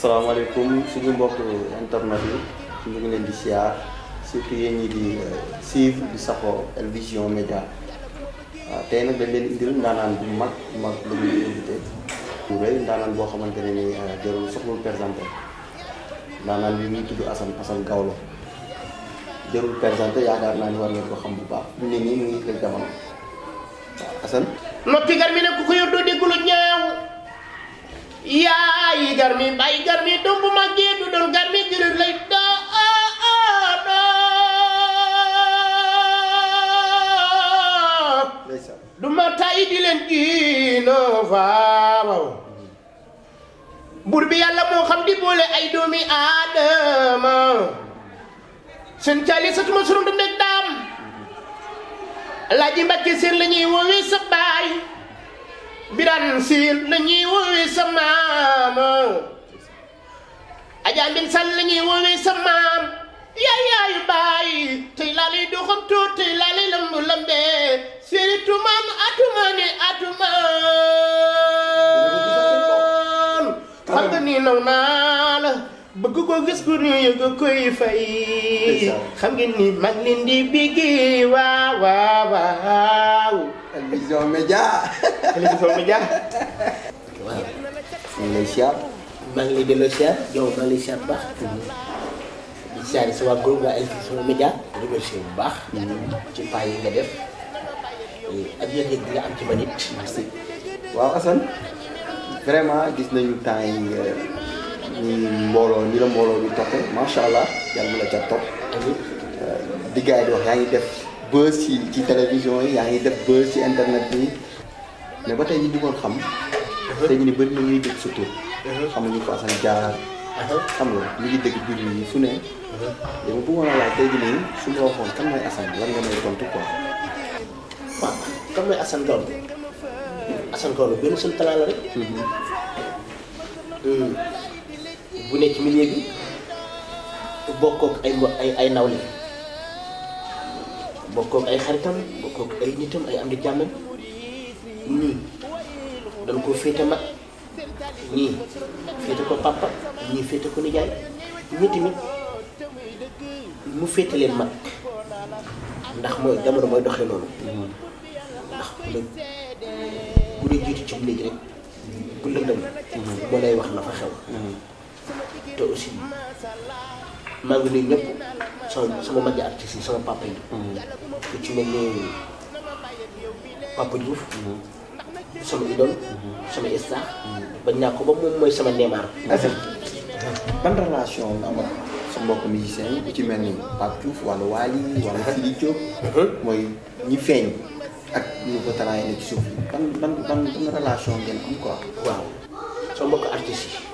Assalamualaikum, suñu mbokk internet yi ñu ngi leen di siyaar surtout yéen ñi di suivre di saxoo Vision Média tey nag dañ leen indil ndaanaan bu mag mag la ñuy invité bu rëy ndaanaan boo xamante ni jarul soxlul présenté ndaanaan bi muy tudd Assane Assane Gawlo jarul présenté yaakaar naa ni war ngeen ko xam bu baax ñu ne nii mu ngi jamono noppi gar mi ne ku ko yor doo ñaaw yaa garmi ɓay garmi ɗum maggi ɗuɗon garmi jirir ley ɗo ɗuma tayiɗilen ɗino faamaw burɓe yalla mo xam di boole ay doomi aadama sen cali satuma sa a siil nañuy woowee sa yi Adja Mbine Sall nañuy woowee sa maam yaay yaayu baay tey laa tumaan atumaan yi naw naa bëgg ko gis ku ñu yëg koy fay xam ngeen ni mag leen di bigi waaw waaw waaw télévision média télévision média waaw lay siar maa ngi lay delloo yow maa ngi lay siar baax di siar sa waa groupe waa télévision ci yi nga def ak nga am ci merci waaw vraiment gis nañu temps yi mbooloo ni la mbooloo bi toppe macha allah yàlla la ca topp. Euh, di gars yi di wax yaa ngi def buzz ci ci télévision yi yaa ngi def buzz ci internet bi mais ba tey ñu bëggoon xam. tey ñu ni bëri na ñuy dégg sa tur. xamuñu ko Assane Diarra. xam nga ñu ngi dégg biir yi ne. dama bëggoon a laaj tey jii nii su ma waxoon kan mooy Assane war nga may tontu quoi. waaw kan mooy Assane Diarra Assane Diarra suñu talaa rek. Mm-hmm. Hmm. bu nekk ci milieu bi bokkook ay ay ay nawle bokkook ay xaritam bokkook ay nitam ay am di jàmmam ñii dañ ko féete mag ñii féete ko papa ñii féete ko mu féete leen mag ndax mooy jamono mooy doxee noonu ndax ku la ku la jiitu ci léegi rek ku lëndam moo lay wax na fa xew te aussi maa ngi nuyu ñëpp sama sama mag yi artistes yi sama papa yi. ku ci mel ni papa Diouf. sama idole. sama star. ba ñàkk ko ba moom mooy sama Neymar. ban relation am ak sa mbokk musicien yi ku ci mel ni Pape Diouf wala Wally wala Sidi Diop. mooy ñi feeñ ak ñu ko talaay ci suuf ban ban ban relation ngeen am waaw sama mbokk artistes yi.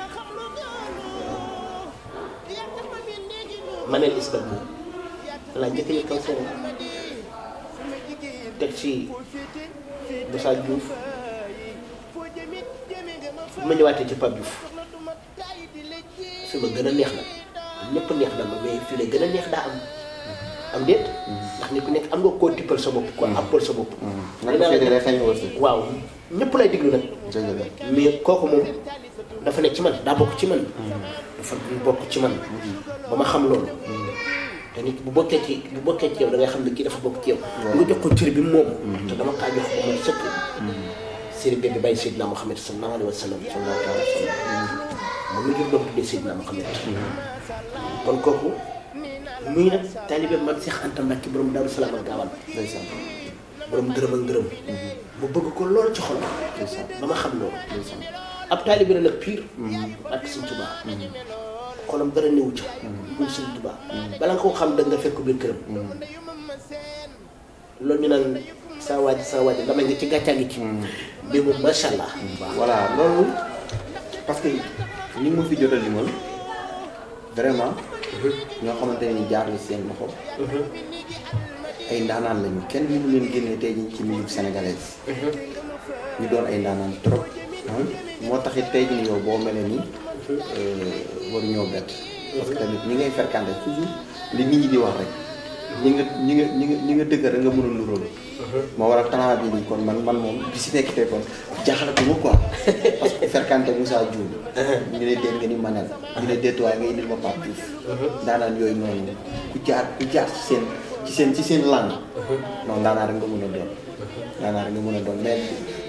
ma ne Istanbul laa njëkk a yëkkal Sénégal teg ci Moussa Diouf ma ñëwaatee ci Pape Diouf fi ma gën a neex na ñëpp neex na ma mais fi la gën a neex daa am am déet. ndax ni ku nekk am nga koo tippal sa bopp. koo appal sa bopp. Mm-hmm. waaw ñëpp lay diglu nag. mais kooku moom dafa nekk ci man daa bokk ci man. Mm-hmm. dafa du bokk ci man ba ma xam loolu te nit bu bokkee ci bu bokkee ci yow da ngay xam ne kii dafa bokk ci yow nga jox ko cër bi moom mm-hmm. dama kaa jox ba man sëkk sëriñ bi bàyyi Seydina Mouhamed sallallahu alayhi wa sallam sallallahu alayhi wa sallam mm-hmm. mu jur doom tuddee Seydina Mouhamed mm-hmm. kon kooku muy nag taalibe man Seex Anta Mbàkke borom Daaru Salaam ak Gaawaan borom dërëm ak dërëm mu bëgg ko lool ci xolam ba ma xam loolu ab taalibe la nag pire. ak Sëñ Tuubaa. xolam dara néew ci. muy Sëñ Tuubaa. bala nga koo xam da nga fekk biir këram. loolu ñu naan saa waaj saa waaj damay nga ci gàcce gi ci. bi moom macha allah. voilà loolu parce que ni mu fi jot a limal vraiment. ñoo xamante ni jaar na seen loxo. ay ndaanaan lañu kenn mënu leen génne tey jii ci musique sénégalaise. Mhm. ñu doon ay ndaanaan trop. moo taxit tey jii yow boo mel nii euh, waruñoo bett. parce que tamit ñi ngay ferkande toujours li nit ñi di wax rek. ñi nga ñi nga ñi nga ñi nga dëgg uh-huh. kon man man moom bi kon jaaxlatuma quoi parce que ferkante Moussa Dioum. Uh-huh. ñu ne déet nga ni Manel. ñu ne déet waaye nga indil ma Pape Diouf. Uh-huh. daanaan yooyu noonu ku jaar ku jaar ci seen ci seen ci non daanaa rek nga mën a doon. daanaa nga mën a mais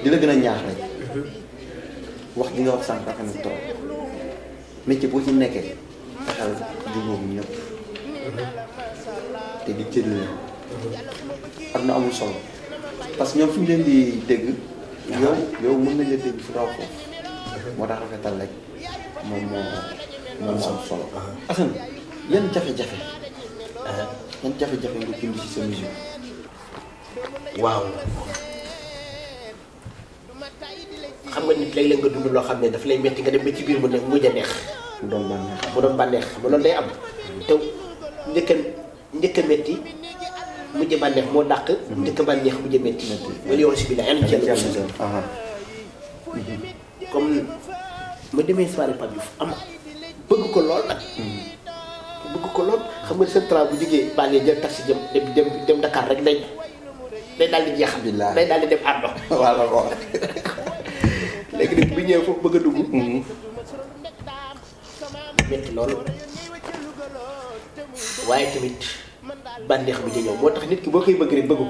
di la ñaax rek. wax li nga wax sànq rafet na trop métier boo ci nekkee taxal jubóom ñëpp te di cër leen am na amul solo parce que ñoom fi ñu leen di dégg yow yow mën nañ la dégg fu raw foofu moo tax rafetal rek moom moo moom moo am solo Assane yan jafe-jafe yan jafe-jafe nga dund ci sa musique waaw xam nga nit léeg-léeg nga dund loo xam ne daf lay metti nga dem ba ci biir mu ne mujj a neex. mu doon bànneex mu doon day am. te njëkk a njëkk a metti mujj a bànneex moo dàq. Mhm. njëkk a bànneex mujj a metti. wala yow si bi la yàlla na ci yàlla comme ma bëgg ko lool mhm. bëgg ko lool xam nga seen train bu jógee bànnee jël taxi jëm dem dem dem Dakar rek day day daal di jeex. a daal di dem àndoo. léegi nag bi ñëwee foofu bëgg a dugg. métti loolu waaye tamit bànneex bi ci ñëw moo tax nit ki boo koy bëgg rek bëgg ko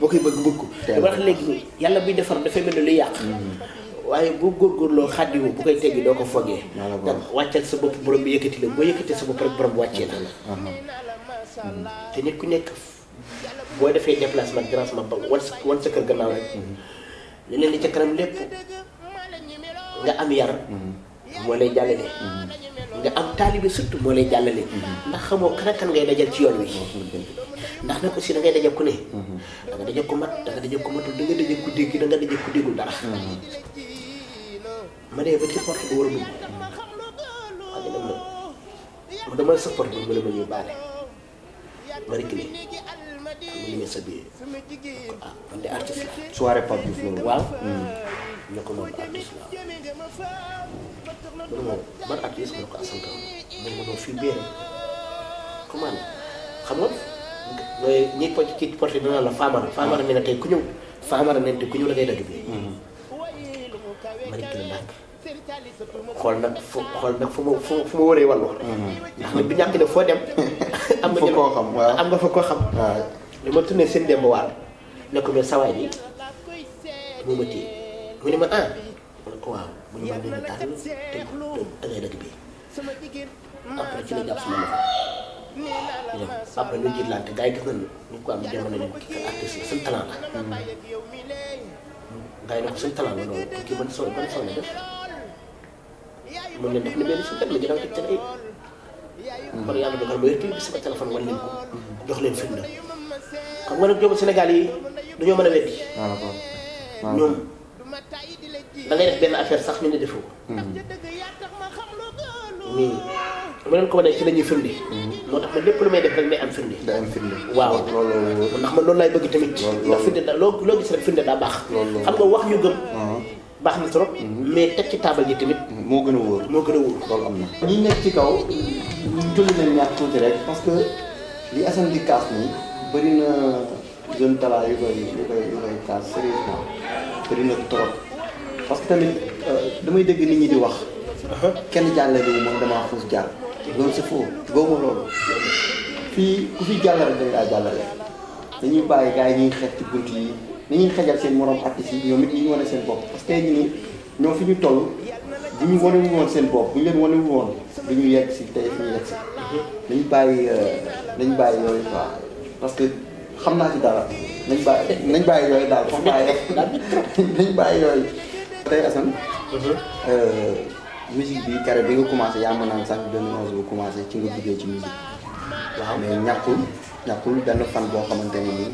boo koy bëgg bëgg ko. wax léegi yàlla buy defar dafay mel ne luy yàq. Mm-hmm. waaye bu góorgóorloo xàddiwu bu koy teggi doo ko fogee. ndax wàccal sa bopp borom bi yëkkati la boo yëkkatee sa bopp rek borom bi wàccee la. Mm-hmm. te nit ku nekk boo defee déplacement grand ba wan sa sa kër gannaaw rek. Mm-hmm. li ca kanam lépp. nga am yar moo lay jàllale nga am taalibe surtout moo lay jàllale ndax xamoo kan ak kan ngay dajal yoon wi ndax nag aussi da ngay dajal ku ne da nga dajal ku mat da nga dégg da nga dajal ku déggul dara ma ne ba ci porte war a dugg wax dëgg la man dama sa porte bi mu ne ma ñuy baale ma reculé mu ne sa biir ah man de artiste la. soirée Pape Diouf waaw mm. ñu ko moom artiste la loolu moom ban at yées na ko asantam man ma doon fii biir comment xam nga mooy ñiy po ci la faamara faamara ne la tey ku ñëw ku ñëw la ngay dagg bi ma nekk nag fu xool nag fu ma fu mhm. bi ñàkk ne dem am nga koo xam am nga fa ko xam li ma tourné seen demb waal ne ko mais sawaay bi mu ma téye mu ne ma ah waaw bu ñu mën a tànn te te dëkk bi après ci la jàpp sama loxo après ñu yi gis ñu ko am jamono ñu artiste seen talent la. gars yi kii ban son ban son la def mën na def lu mel ni suñu la jëlaat ci ay. kon yàlla dogal ma yëkkati sama téléphone wan leen ko. jox leen firnde. xam Sénégal yi dañoo mën a weddi. ñoom. da def benn affaire sax ñu ne defoo ko. mais bu leen ko wanee ci la ñuy mm-hmm. moo tax lépp lu may def rek day am firnde. day am firnde waaw. ndax man loolu laay bëgg tamit. ndax firnde da loo loo gis rek firnde daa baax. xam nga wax ñu gëm. Mm-hmm. baax na trop. Mm-hmm. mais teg ci taabal ji tamit. moo gën a wóor moo gën a wóor. loolu am na. ñi nekk ci kaw ñu julli leen ñaar tuuti rek parce que li Assane di kaas nii bëri na jeune talent yu koy yu koy kaas sérieusement bëri na trop. parce que tamit euh, damay dégg nit ñi di wax. Uh-huh. kenn jàllale bi moom damaa xuus jàll. loolu c'est faux góob ma loolu. fii ku fi jàllale dañ laa jàllale dañuy bàyyi gaa yi ñuy xeet ci bunt yi dañuy xajal seen morom artistes yi ñoom ñi ñu wane seen bopp parce que tey nii ñoom fi ñu toll bu ñu wanewul woon seen bopp bu ñu leen wanewul woon du ñu yegg si tey fi ñu yegg si. dañu uh-huh. bàyyi dañu euh, bàyyi yooyu parce que xam naa ci dara nañ bàyyi nañ bàyyi yooyu daal. nañ bàyyi nañ tey Assane. Mhm. Euh, musique bi carré bi nga commencé yaa ma naan sax bi 2011 bu commencé ci nga duggee ci musique. waaw mais ñàkkul ñàkkul benn fan boo xamante ne nii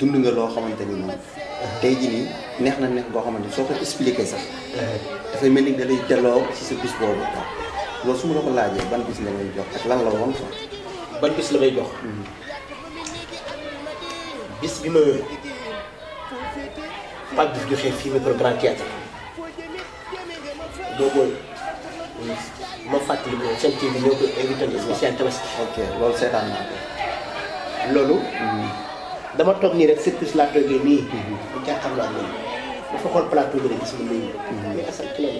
dund nga loo xamante ni nii. tey jii nii neex na neex boo xamante ni soo ko expliqué sax. dafay mel ni da lay delloo ci sa bis boobu quoi. loolu su ko laajee ban bis la may jox ak lan la woon quoi. ban bis la may jox. Mhm. bis bi ma Pape Diouf joxee boobu ma fàttali ko seen TV ñoo ko invité loolu mhm. dama toog nii rek surtout laa toogee nii. bu mhm. jàkkaarloo bi rek muy asal ci la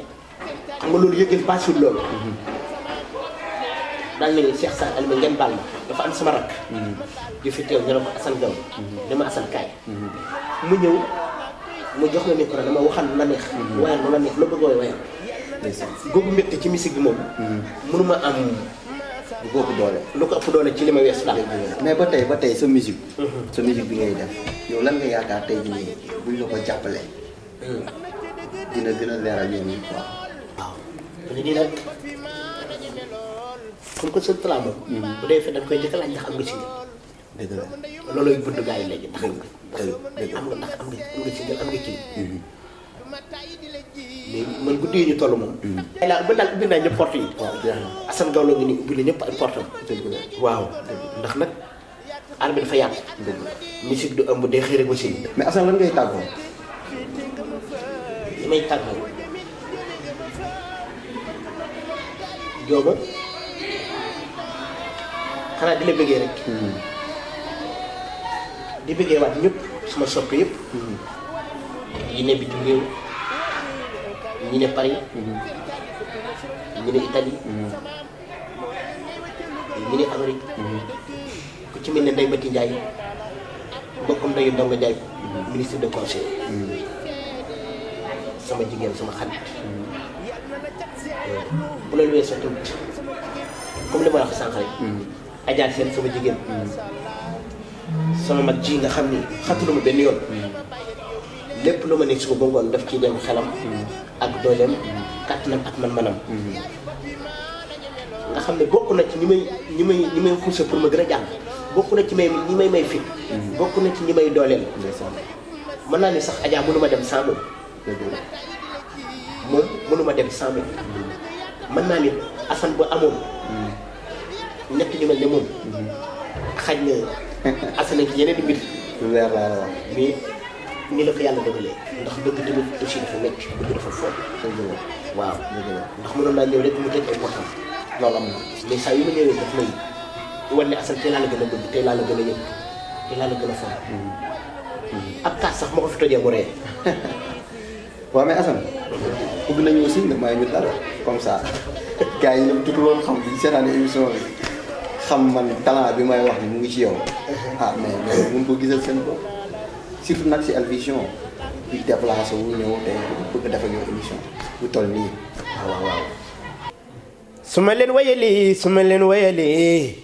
loolu yëgal baasul loolu. Mhm. daal nañu Cheikh Sarr Aliouma ngeen baal ma dafa am sama rakk. di fi teew ñu ne kaay. mu ñëw mu jox la micro dama waxal lu neex. wayal lu la neex lu bëgg wayal. googu mbégte ci musique bi moom. mënuma am bu googu doole. lu ko ëpp ci li ma mais ba tey ba tey mhm. sa musique. bi ngay def yow lan nga yaakaar tey jii nii jàppale hmm. dina gën a leeral yéen ñi nag comme que sa talent moom. bu koy njëkk a laaj ndax am nga ci ñun. la loolooy budd gars yi léegi ndax am nga. dëgg am am nga ci am hmm. liggéey man guddi ñu toll moom. ay mm. ba daal ubbi naa porte yi. waaw Gawlo ngi nii ubbi na ay portam. waaw ndax nag aar dafa yàgg. musique du ëmb mais lan ngay may di la rek. Mm. di sama sopp yëpp. Mm. yi ñi ne Paris. Mhm. ñi ne Italie. Mhm. ñi ne Amérique. Mhm. ku ci mel ne Ndeye Mati Ndiaye mbokkum ndeyu Ndongo ministre de conseil. sama jigéen sama xarit. Euh, bu loolu weesoo tamit comme li ma la wax nga xam ni xatuluma benn yoon. lépp lu ma nekk suba ba ngoon daf ciy dem xelam. Mm-hmm. ak dooleem mm-hmm. kàttanam ak man-manam. Mm-hmm. nga xam ne bokk na ci ñi may ñi may ñi may xuuse pour ma gën a jàng bokk na ci may ñi may may fit bokk na ci ñi may dooleel. mën naa ni sax ajaa mënu ma dem sans moom. moom dem sans moom. mën naa ni Assane bu amoon. ñett ñu mel ne moom. xaj na Assane ak yeneen i mbir. ni la ko yàlla dogalee ndax bëgg tamit aussi dafa métti bëgg dafa foog waaw ndax mënoon naa ñëw rek mu tëj ay loolu am na mais saa yu ma ne asal tey laa la gën a bëgg tey laa la gën a yëg tey laa la gën mm-hmm. ma ko fi tojee nga dara comme ça gars yi ñoom jotul woon xam bi seetaan émission bi xam man talent bi may wax ni mu ngi ci yow ah mais mun ko gisal seen bopp surtout su ma leen wayalee su ma leen wayalee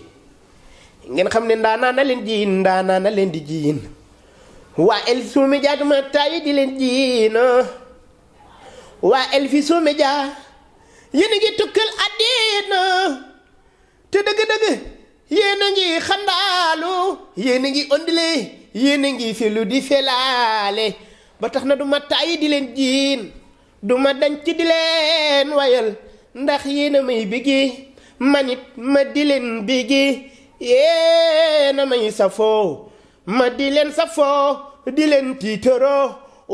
ngeen xam ne ndaanaa na leen jiin ndaanaa na leen di jiin waa El Vision Médias dama taay di leen jiin waa El Vision Médias ngi tukkal àddina te dëgg-dëgg yéen ngi xandaalu yéen ngi ondile. yéen a ngi fi lu di felaale ba tax na du ma tàyyi di leen jiin du ma dañ ci di leen wayal ndax yéen a may bigi manit ma di leen bigi yéen a may safoo ma di leen safoo di leen tiitaroo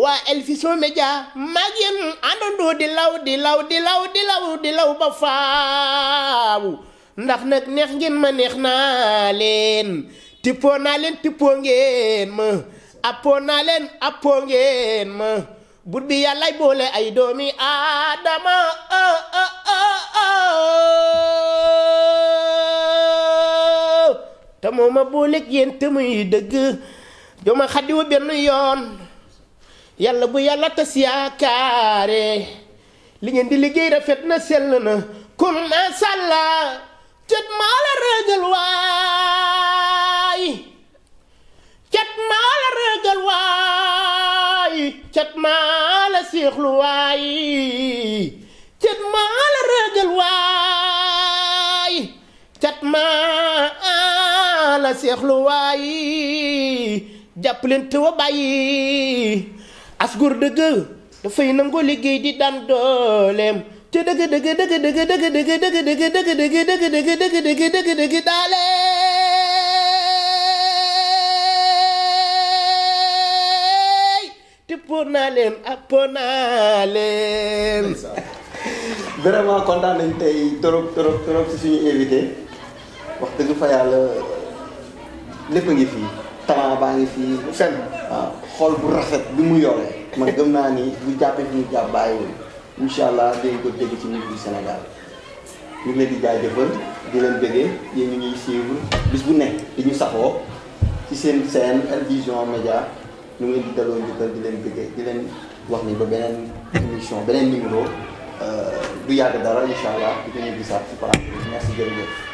waa El Vision Médias mag yéen àndandoo di law di law di law di law di law ba ndax nag neex ngeen ma neex naa leen tippoo naa leen tippoo ngeen ma appoo naa leen appoo ngeen ma bur bi yàllaay boole ay doomi aadama te moo ma booleeg yéen te muy dëgg joma xaddiwu benn yoon yàlla bu yàlla tas yaakaare li ngeen di liggéey rafet na sell na kun na sàlla cet maa la rëgal waa maa la regal waay cet maa la siixlu waay cet maa la regal waay cet maa la siixlu waay jàppaleen te wa bàyyi asgur dëgg dafay nangoo liggéey di daan dooleem te dëgg dëgg dëgg dëgg dëgg dëgg dëgg dëgg dëgg dëgg dëgg dëgg dëgg dëgg daale bonalem ak bonalem vraiment kontaan nañ tey torop torop torop ci suñu invité wax dëgg fa yàlla lépp ngi fii talent baa ngi fii fen waaw ah, bu rafet bi mu yore man gëm naa ni bu jàppee fi ñu jàpp bàyyiwul allah dañ ko dégg ci nit bi Sénégal ñu di jaajëfal di leen bëggee yéen ñu ñuy suivre bis bu nekk di ñu saxoo ci seen seen Vision Média ñu ngi leen di daloo njukkal di leen bëggee di wax ni ba beneen émission beneen numéro euh, du yàgg dara incha allah di ko ñu gisaat ci si merci